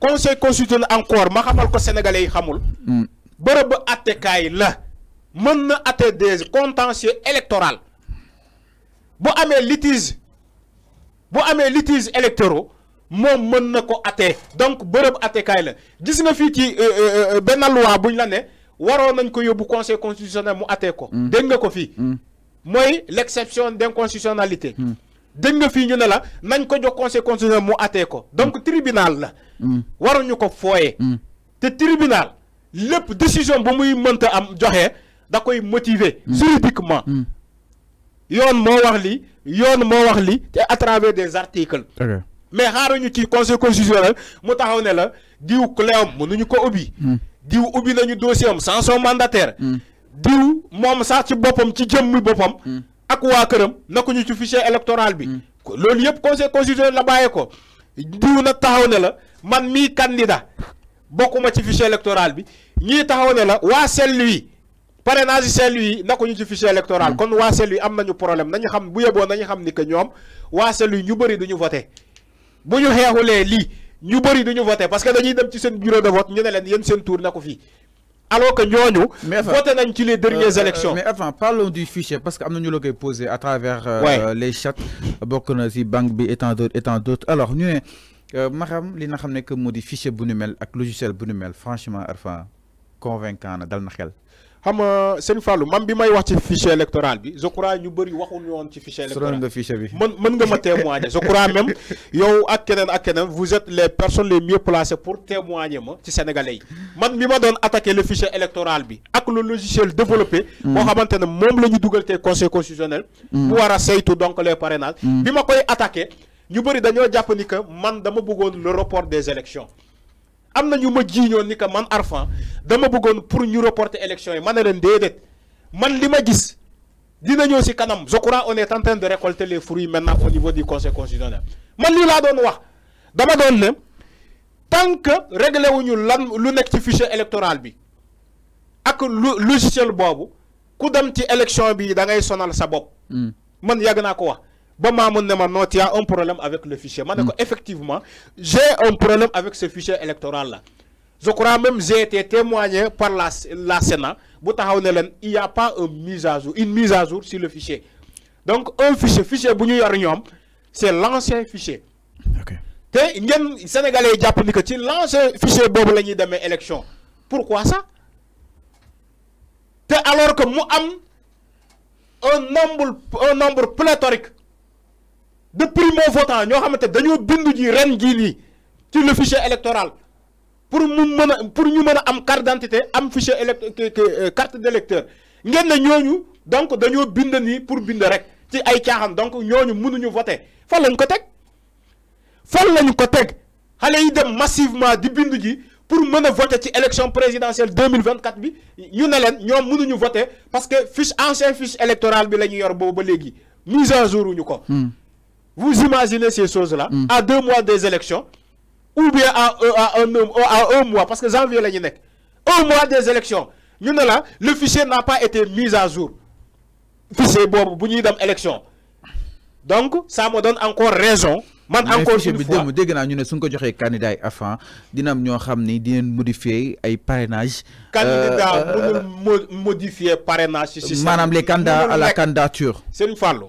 conseil constitutionnel encore ma xamal ko sénégalais xamul. beureub até kay des contentieux électoral bu amé litige bu amé litige électoraux mon mën donc la gis euh, euh, euh, loi buñ conseil constitutionnel mu até ko. Hmm. nga ko dégg nga ñu nañ ko conseil constitutionnel mu até ko donc mm. tribunal la mm. ñu ko Le mm. tribunal lépp décision bu muy mënta am motiver juridiquement yoon wax li à travers des articles mais ñu ci conseil constitutionnel mu taxaw ne la diw cléom ñu ko ubi diw nañu dossier sans son mandataire diw mom sax ci bopam ci ak waa këram nekkuñu ci fichier électoral bi. Mm. loolu yëpp conseil constitutionnel la bàyyee ko diw nag taxaw ne la man mii candidat bokkuma ci fichier électoral bi ñii taxaw ne la waa Saint-Louis parrainage Saint-Louis nekkuñu ci fichier électoral. Mm. kon waa Saint-Louis am nañu problème nañu xam bu yeboo nañu xam ni que ñoom waa Saint-Louis ñu bëri duñu voté bu ñu xeexulee lii ñu bëri duñu voté parce que dañuy dem ci seen bureau de vote ñu ne leen yéen seen tour na ko fii. alors que nous, voté les dernières euh, élections. mais avant parlons du fichier parce que nous posé à travers. Euh, les chats et tant d'autres alors nous, euh, que le fichier logiciel franchement convaincant xam bi may fichier électoral bi je crois ñu fichier nga témoigner je crois même yow vous êtes les personnes les mieux placées pour témoigner ma ci sénégalais yi man le fichier électoral bi le logiciel développé mm. bo xamantene un conseil constitutionnel pour mm. tout donc les parrainages mm. bi koy attaqué ñu le report des élections am na ñu ma jiiñoon ni que man Arfan dama bëggoon pour ñu reporter élection yi man ne leen déedéet man li ma gis dina ñëw si kanam je crois on est en de récolter les fruits maintenant au niveau du conseil constitutionnel man lii laa doon wax dama doon ne tant que réglé wuñu lan lu nekk ci fichier électoral bi ak lu logiciel boobu ku dem ci élection bi da ngay sonal sa bopp. Hmm. man yàgg naa ko wax. Il y a un problème avec le fichier Donc, mm. effectivement j'ai un problème avec ce fichier électoral là je crois même j'ai été témoigné par la la Sénat il n'y a pas une mise à jour une mise à jour sur le fichier donc un fichier fichier c'est l'ancien fichier te sénégalais un dit que l'ancien fichier pourquoi ça alors que moi, un nombre un nombre pléthorique de mon votant, ñoo xamante dañoo bindu ji ren jii nii ci le fichier électoral pour mu mën pour ñu meuna am carte d'identité am fichier élect euh, carte d'électeur ngén ne ñooñu donc dañoo bind ni pour bind rek ci ay caaxaan donc ñooñu mënuñu voter fa lañ ko tek fa lañ ko tek xalé yi dem massivement di bind ji pour meuna voter ci élection présidentielle 2024 bi ñu ne ñom ñoom mënuñu voter parce que fiche ancien fiche électorale bi la yor bo ba légui mise à jour wuñu ko hmm. Vous imaginez ces choses-là, mm. à deux mois des élections, ou bien à, à, euh, à, un, euh, à un, mois, parce que janvier, là, un mois des élections. Nous, là, le fichier n'a pas été mis à jour. Fichier bon, pour élection. Donc, ça me donne encore raison. man encore une fois démb dégg naa ñu ne suñ ko joxee candidat yi avant dina am ñoo xam modifier ay parrainage. Euh, candidat modifier parrainage. ci système les candidats à la candidature. C'est une Fallou.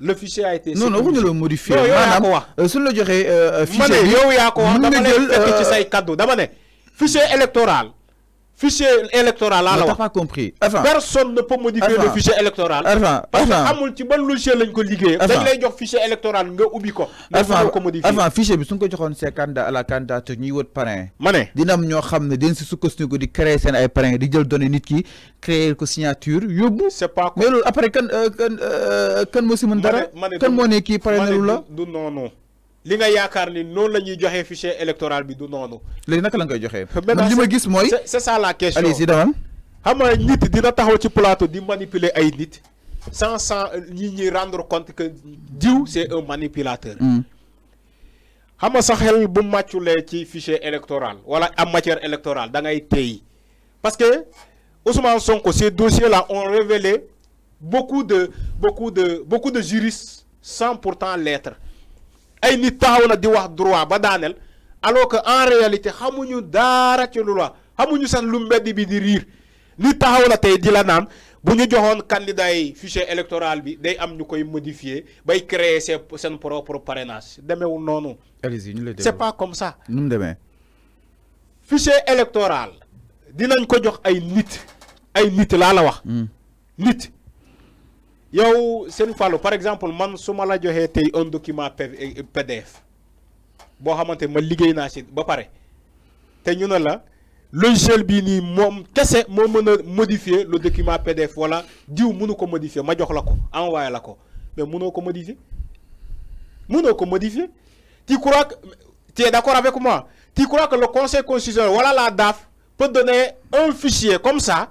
le fichier a été. non non vous modifié. pas, pas. Euh, euh, fichier fichier électoral fichier électoral là t'as pas compris personne ne peut modifier le fichier électoral parce que amul ci ban logiciel lañ ko liggéey dañ lay jox fichier électoral nga ubbi ko dafa ko modifier avant fichier bi suñ ko joxone see candidat à la candidature ñi wot parrain mané ne dina am ñoo xam ne dañ si sukkandiku di créer sen ay parrain di jël données nit ki créer ko signature yobbu c'est pas mais loolu après kan euh, kan euh, kan mo si mën dara kan mo né ki parrain lu la du non li nga yaakaar ni non lañuy joxé fichier électoral bi du noonu. léegi naka la nga koy joxee. li ma gis moy c'est ça la question allez-y demal. xam nga nit dina taxaw ci plateau di manipuler ay nit sans sans ñi rendre compte que diw c'est un manipulateur. Hmm. xam nga sa xel bu matchulé ci fichier électoral wala am matière électorale da ngay téy parce que Ousmane Sonko ces dossiers là ont révélé beaucoup de beaucoup de beaucoup de juristes sans pourtant l'être ay nit taxaw di wax droit ba danel alors que en réalité xamuñu dara ci lu la xamuñu sax lu mbedd bi di riir nit taxaw tay tey di la nan buñu joxone joxoon candidat yi fichier électoral bi day am ñukoy modifier bay créer seen seen propre parrainage demeewul noonu. c'est pas comme ça. nu mu fichier électoral dinañ ko jox ay nit ay nit la la wax. Hmm. nit yow Sen Fallo, par exemple man suma la joxee tey un document PDF eh, Bo xamante ma liggéey na si ba pare te ñu ne la logiciel bi ni mom, kese moo mën modifier le document PDF wala diw mënu ko modifier ma jox lako, ko lako. mais mënoo ko modifier mënoo ko modifier tu crois que tu es d'accord avec moi tu crois que le conseil constitutionnel wala la DAF peut donner un fichier comme ça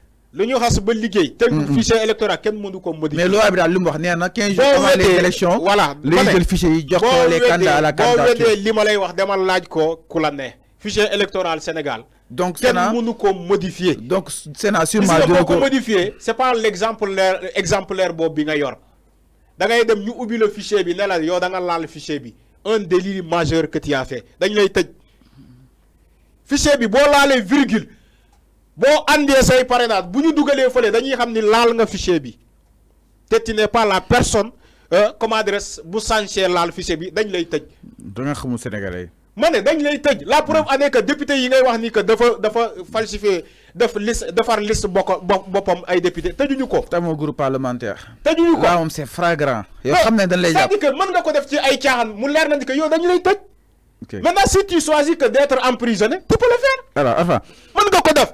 L'Union a ce ba liggéey. Mm-hmm. te fichier électoral kenn mënu ko modifier. mais loi bi daal li mu wax nee 15 jours avant les élections. voilà li fichier yi jox les candidats à la candidature boo weddee li ma lay ko ku fichier électoral Sénégal. donc Sénat monde nous modifier. donc Sénat sûrement dina ko modifier c' est pas l'exemple exemplaire Bob boobu bi nga yor da ngay dem ñu ubbi le fichier bi ne la yow da nga laal fichier bi un délit majeur que tu as fait dañ lay tëj fichier bi boo laalee virgule boo àndee say parrainage bu ñu dugalee fële dañuy xam ni laal nga fichier bi te n'est pas la personne euh, comme adresse, bu sanché laal fichier bi dañ lay tëj. da nga xamul sénégalais. Mané, dañ lay tëj la preuve en est que député yi ngay wax ni que dafa dafa falsifier def liste defar liste bokk boppam ay député tëjuñu ko. tamo groupe parlementaire. tëjuñu ko waaw c'est flagrant. yo xamné dañ lay japp c'est-à-dire que nga ko def ci ay caaxaan mu leer na ni que yo dañ lay tëj. maintenant si tu choisis que d'être emprisonné tu peux le faire. alors enfin man nga ko def.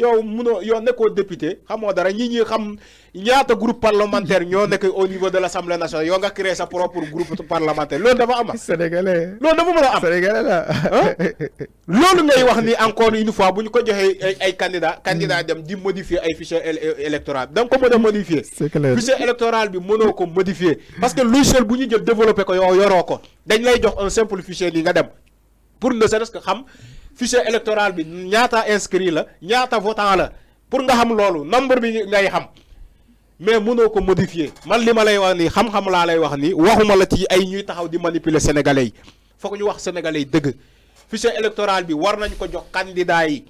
yow munoo yow nekkoo député xamoo dara ñi ñi xam ñaata groupe parlementaire ñoo nekk au niveau de l'assemblée nationale yo nga créer sa propre groupe parlementaire lool dafa am. Ah. sénégalais loolu dafa mëna am sénégalais la hein? lool ngay wax ni encore une fois buñ ko joxé ay candidat candidat dem di modifier ay fichier électoral dañ ko mëna modifier. fichier électoral bi mëno ko modifier. parce que logiciel buñu jël développer ko yo yoro ko dañ lay jox un simple fichier li nga dem pour le serait que xam fichier électoral bi ñaata inscrit la ñaata votant la pour nga xam lolu nombre bi ngay xam mais mënoo ko modifier man li malay lay wax ni, xam-xam la lay wax ni waxuma la ci ay ñuy taxaw di manipuler sénégalais yi ñu wax sénégalais deug fichier électoral bi war nañ ko jox candidat yi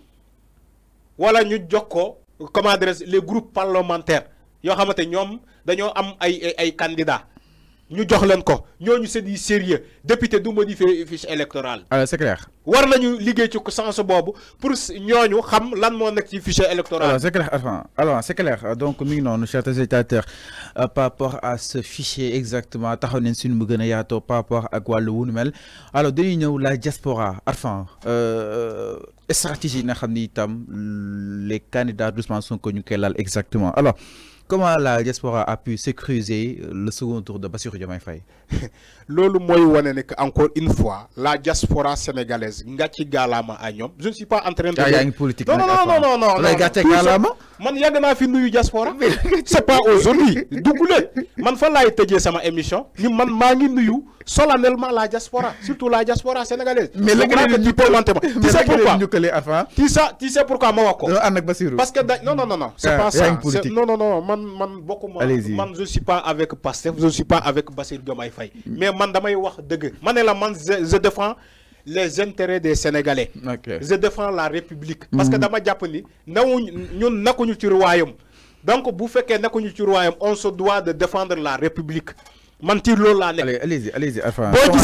wala ñu jox ko comment dirais les groupes parlementaires yo xamanté ñom dañoo am ay ay candidats nous, nous sommes ko ñooñu avons du sérieux député du modifier fiche électorale. Euh, c'est clair war nañu liggéey ci sens boobu pour ñooñu xam lan moo nekk ci fichier électoral. alors c'est clair enfin alors c'est clair donc mi ngi noonu chers téléspectateurs euh, par rapport à ce fichier exactement taxaw nañ suñu mu gën a yaatoo par rapport à wàllu wu mel alors dañuy ñëw la diaspora enfin euh, stratégie nga xam ni itam les candidats doucement Sonko ñu koy laal exactement alors comment la diaspora a pu sécuriser le second tour de Bassirou Diomaye Faye. loolu mooy wane ne que encore une fois la diaspora sénégalaise je ne suis pas en train de. une politique non non non non non man diaspora c'est pas aujourd'hui man émission man la diaspora surtout la diaspora sénégalaise mais le ne tu sais pourquoi tu sais pourquoi non non non ah, pas ça non non non je suis pas avec Pastef je suis pas avec de mais je les intérêts des Sénégalais. je défends la République. parce que mhm. dama jàpp ni nawuñ ñun nakuñu ci ruwaayam donc bu fekkee nakuñu ci ruwaayam on se doit de défendre la République man ci loolu laa allez allez boo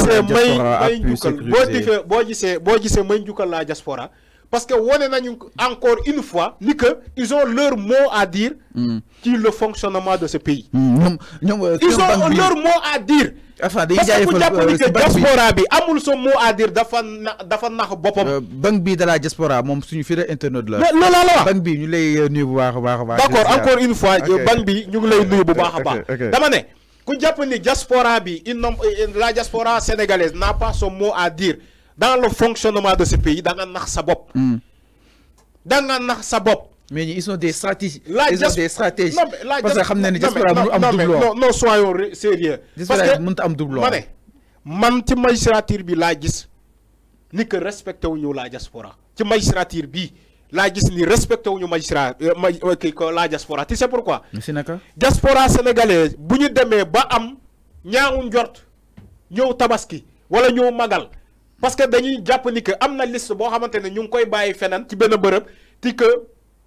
gisee may may njukkal boo gisee boo gisee boo gisee may njukkal la diaspora parce que wane nañu encore une fois ni que ils ont leur mot à dire. ci mhm. le fonctionnement de ce pays. Mhm. ñoom ñoom euh, ils ont leur mot à dire enfin day jaajëfal parce que ku jàpp euh, bi amul sa mot à dire dafa na dafa nax boppam. Euh, banque bi de la diaspora moom suñu fii rek internet la. mais banque bi ñu lay euh, nuyu bu baax a d'accord encore une fois banque bi ñu ngi lay nuyu bu baax a baax. dama ne ku jàpp ni diaspora bi il la diaspora sénégalaise n'a pas son mot à dire dans le fonctionnement de ce pays da nga nax sa bopp. Hmm. da nga nax sa bopp mais ils ont des stratégies. ils ont des stratégies. parce que xam na ne diaspora mënut am doublon non non soyons sérieux. parce que mënut am doublon ma ne. man ci magistrature bi laa gis ni que respecté wu ñu la diaspora ci magistrature bi la gis ni respecté wu ñu magistrat euh, euh, la diaspora tu sais pourquoi. monsieur naka. diaspora sénégalaise bu ñu demee ba am ñaawu njort ñëw tabaski wala ñëw magal parce que dañuy jàpp ni que am na liste boo xamante ne ñu ngi koy bàyyi feneen ci benn bërëb ti que.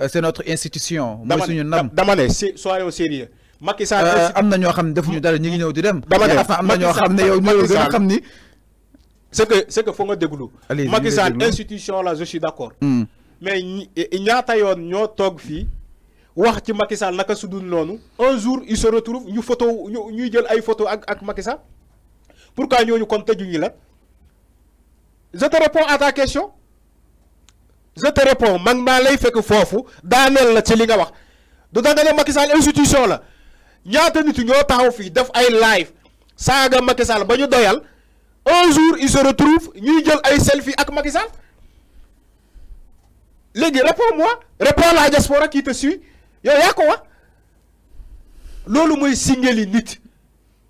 Euh, c'est notre institution. moi suñu au sérieux. Macky Sall euh, dara di dem. yow que c'est que nga déglu. Macky Sall institution je suis d'accord. Hmm. mais ñaata yoon ñoo tok un jour il se retrouve ñu photo ñuy jël ay photo ak Macky Sall pourquoi comme je te réponds à ta question je te réponds mag maa lay fekk foofu daaneel la ci li nga wax du da nga Macky Sall institution la ñaata nit ñoo taxaw fii def ay live Saga Macky Sall ba doyal un jour il se retrouve ñuy jël ay selfie ak Macky Sall Légui, réponds-moi réponds la diaspora qui te suit Yo, y'a ko wax loolu mooy singali nit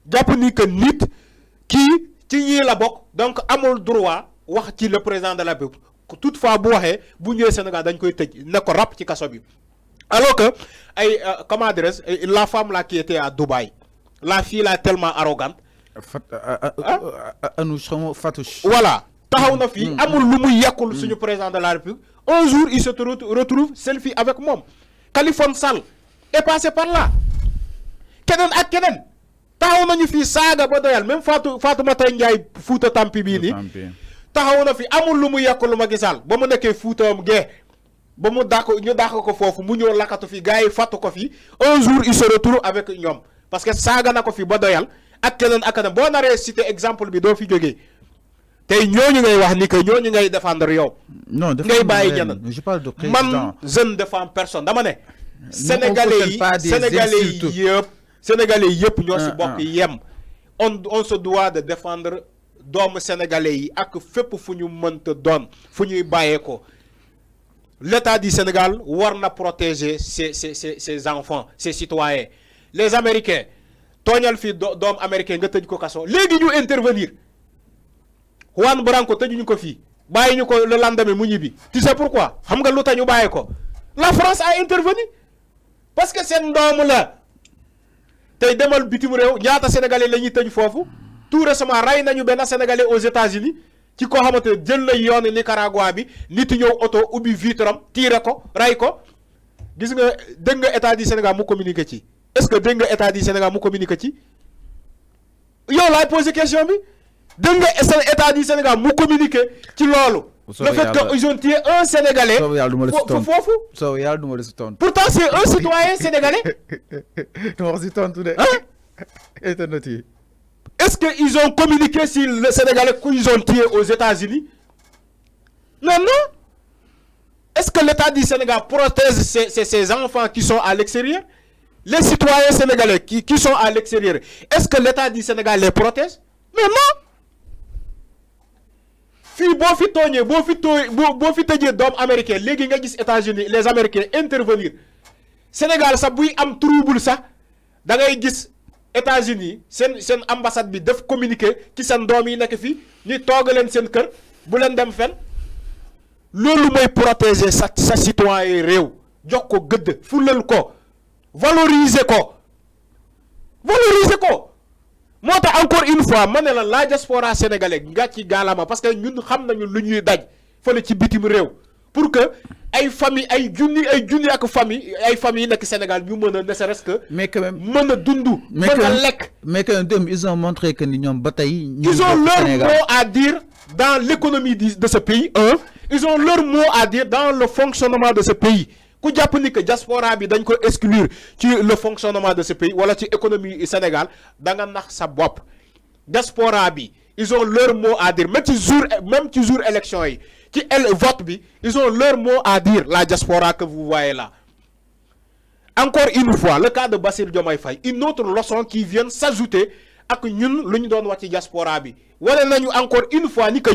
jàpp ni que nit qui ci la boque, donc amul droit wax ci le président de la République toutefois bu waxee bu ñëwee Sénégal dañ koy tëj rap ci kasso bi alors que ay euh, comment euh, la femme là qui était à Dubaï la fille là tellement arrogante. Euh, hein? Fatouche. voilà taxaw na fii mm, mm, amul mm. lu muy yekkul suñu président de la république un jour il se retrouve selfie avec mom. Khaliphone sal. est passé par là Kenen ak kenen. taxaw ñu fi saga ba doyal même Fatou fatou Fatoumata Ndiaye foot Tampi bi ni taxaw fi amul lu mu yàq lu Macky Sall ba mu été en gee ba mu ñu dako ko fofu mu ñëw lakatu fi gaay fatu ko fi un jour il se retrouve avec ñom parce que saga na ko fi ba doyal ak keneen ak bo boo cité exemple bi do fi jógee tay ñooñu ngay wax ni que ñooñu ngay défendre yow. non ngay de man je ne défends personne dama ne. sénégalais sénégalais yépp sénégalais yépp ñoo ci ah, bokk ah. yem on on se doit de défendre doomu sénégalais yi ak fépp fu ñu mënta doon fu ñuy bàyyee ko l'état du Sénégal war na protéger ses ses ses ses enfants ses citoyens les américains tooñal fi doom américain nga tëj ko kaso léegi ñu intervenir Juan Branco tëjuñu ko fii bàyyi ko le lendemain mu ñibi tu sais pourquoi xam nga lu tax ñu bàyyi ko la France a intervenu parce que seen doomu la tey demal bitim réew ñaata sénégalais la ñuy tëj foofu tout récemment Rayna, nañu benn sénégalais aux États-Unis ci ko xamante ne jël na yoonu Nicaragua bi nit ñëw auto ubi vitram tiré ko ray ko gis nga dégg nga état du Sénégal mu communiquer ci est-ce que dégg nga état du Sénégal mu communiquer ci yow laay poser question bi dégg nga état du Sénégal mu communiquer ci lolu le fait que ils ont tué un sénégalais. Fofu? So yalla duma ma pourtant c'est un citoyen sénégalais. du ma tout de. tontu de. ah. Est-ce qu'ils ont communiqué si le Sénégalais qu'ils ont tiré aux États-Unis Non, non. Est-ce que l'État du Sénégal protège ses, enfants qui sont à l'extérieur Les citoyens sénégalais qui, sont à l'extérieur, est-ce que l'État du Sénégal les protège Mais non Si États-Unis les américains intervenir Sénégal ça buy am trouble ça. États-Unis sen sen ambassade bi def communiquer ki sen doom yi nekk fii ñu toog leen seen kër bu leen dem fen lolu moy protéger sa sa citoyen yi réew jox ko gëdd fulal ko valoriser ko valoriser ko moo encore une fois mané la la diaspora sénégalais nga ci galama, parce que ñun xam nañu lu ñuy daj fele ci bitim rew pour que ay famille ay junni ay junni ak famille ay famille nak Sénégal ñu mën ne serait-ce que. mais quand même mën a dund. mën mais quand même ils ont montré que ni ñoom ba tey. ils ont leur mot à dire dans l'économie de ce pays un ils ont leur mot à dire dans le fonctionnement de ce pays. ku japp ni que diaspora bi dañ ko exclure ci le fonctionnement de ce pays wala ci économie Sénégal da nga nax sa bop diaspora bi ils ont leur mot à dire même toujours même élection qui vote ils ont leur mot à dire la diaspora que vous voyez là encore une fois le cas de Bassirou Diomaye Faye une autre leçon qui vient s'ajouter à que nous, nous donnons de diaspora bi encore une fois ni que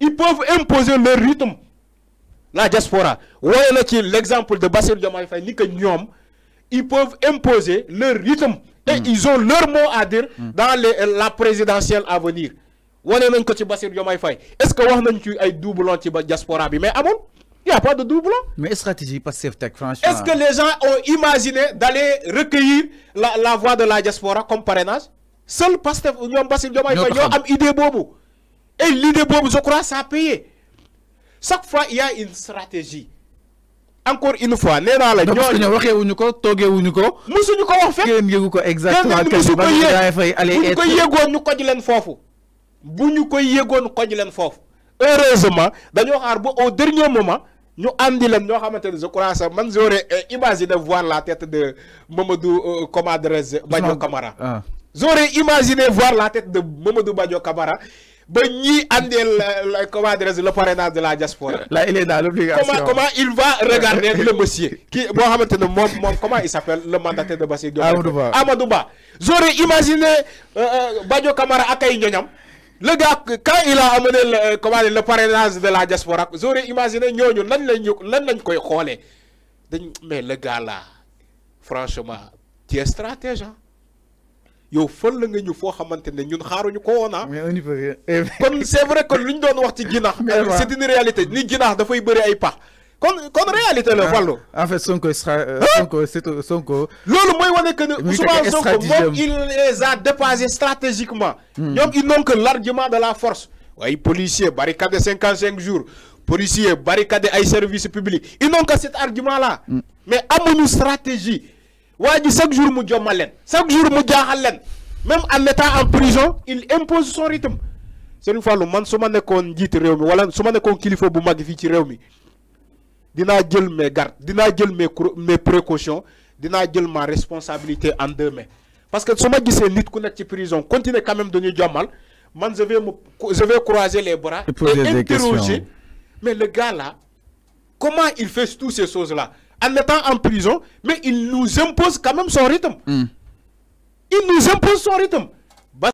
ils peuvent imposer leur rythme la diaspora Voyez l'exemple de Bassirou Diomaye Faye ni que ils peuvent imposer leur rythme et mm. ils ont leur mot à dire mm. dans les la présidentielle à venir est-ce que vous avez un double doublon ci la diaspora mais il n'y a pas de doublon. Mais stratégie passive tech, franchement. Est-ce que les gens ont imaginé d'aller recueillir la, la voix de la diaspora comme parrainage Seul Pastef, nous a une idée bobo. Et l'idée bobo, je crois, ça a payé. Chaque fois, il y a une stratégie encore une fois nee naa la. ñooñu waxee wuñu ko toogee wuñu ko. musuñu ko wax fekk ngeen yëgu ko exactement. musu ko yëg bu ñu ko yëgoon ñu koj leen foofu. bu ñu koy yëgoon koj leen fofu heureusement dañu xaar bu au dernier moment ñu andi leen ño xamanteni ne je crois ça man j'aurais eh, de voir la tête de Mamadou euh, comment dirais-je Badio Camara. Ah. j'aurais imaginé voir la tête de Mamadou Badio Camara ben ñi andel euh, comment dire le parrainage de la diaspora là il est dans l'obligation comment, comment il va regarder le monsieur qui Mohamed comment il s'appelle le mandataire de Bassi Amadouba Amadouba j'aurais imaginé euh, euh, Badio Kamara Akay Nyonyam le gars quand il a amené le, euh, comment dire, le parrainage de la diaspora j'aurais imaginé nyonyo lan lañ lan lañ koy xolé mais le gars là franchement tu es stratège hein? yow fël la nga ñu fo xamantene ñun xaaruñu ko woon ah. eh ben. kon c'est vrai que luñ doon wax ci ginnaax. c'est une réalité ni da fay bëri ay pax. kon kon réalité la wàllu. Ah, en fait Sonko sera euh, hein? Sonko c'est Sonko. lolu moy wane que ne Sonko moom il les a dépassé stratégiquement. Hmm. ñoom ils n'ont que largement de la force. waaye policier barricade 55 jours policier barricade, ay services publics ils n'ont que cet argument là. Hmm. mais amuñu stratégie waa chaque jour mu jommal chaque jour mu jaaxal même en étant en prison il impose son rythme Serigne Fallou man su ma nekkoon njiiti réew mi wala suma ma nekkoon kilifa bu mag fi ci réew mi dinaa jël mes gardes Dina jël mes mes précautions Dina jël ma responsabilité en deux mains parce que suma ma c'est nit ku nek ci prison continuer quand même de jommal man je vais me je vais croiser les bras et interroger mais le gars là comment il fait toutes ces choses là en étant en prison, mais il nous impose quand même son rythme. Hmm. Il nous impose son rythme.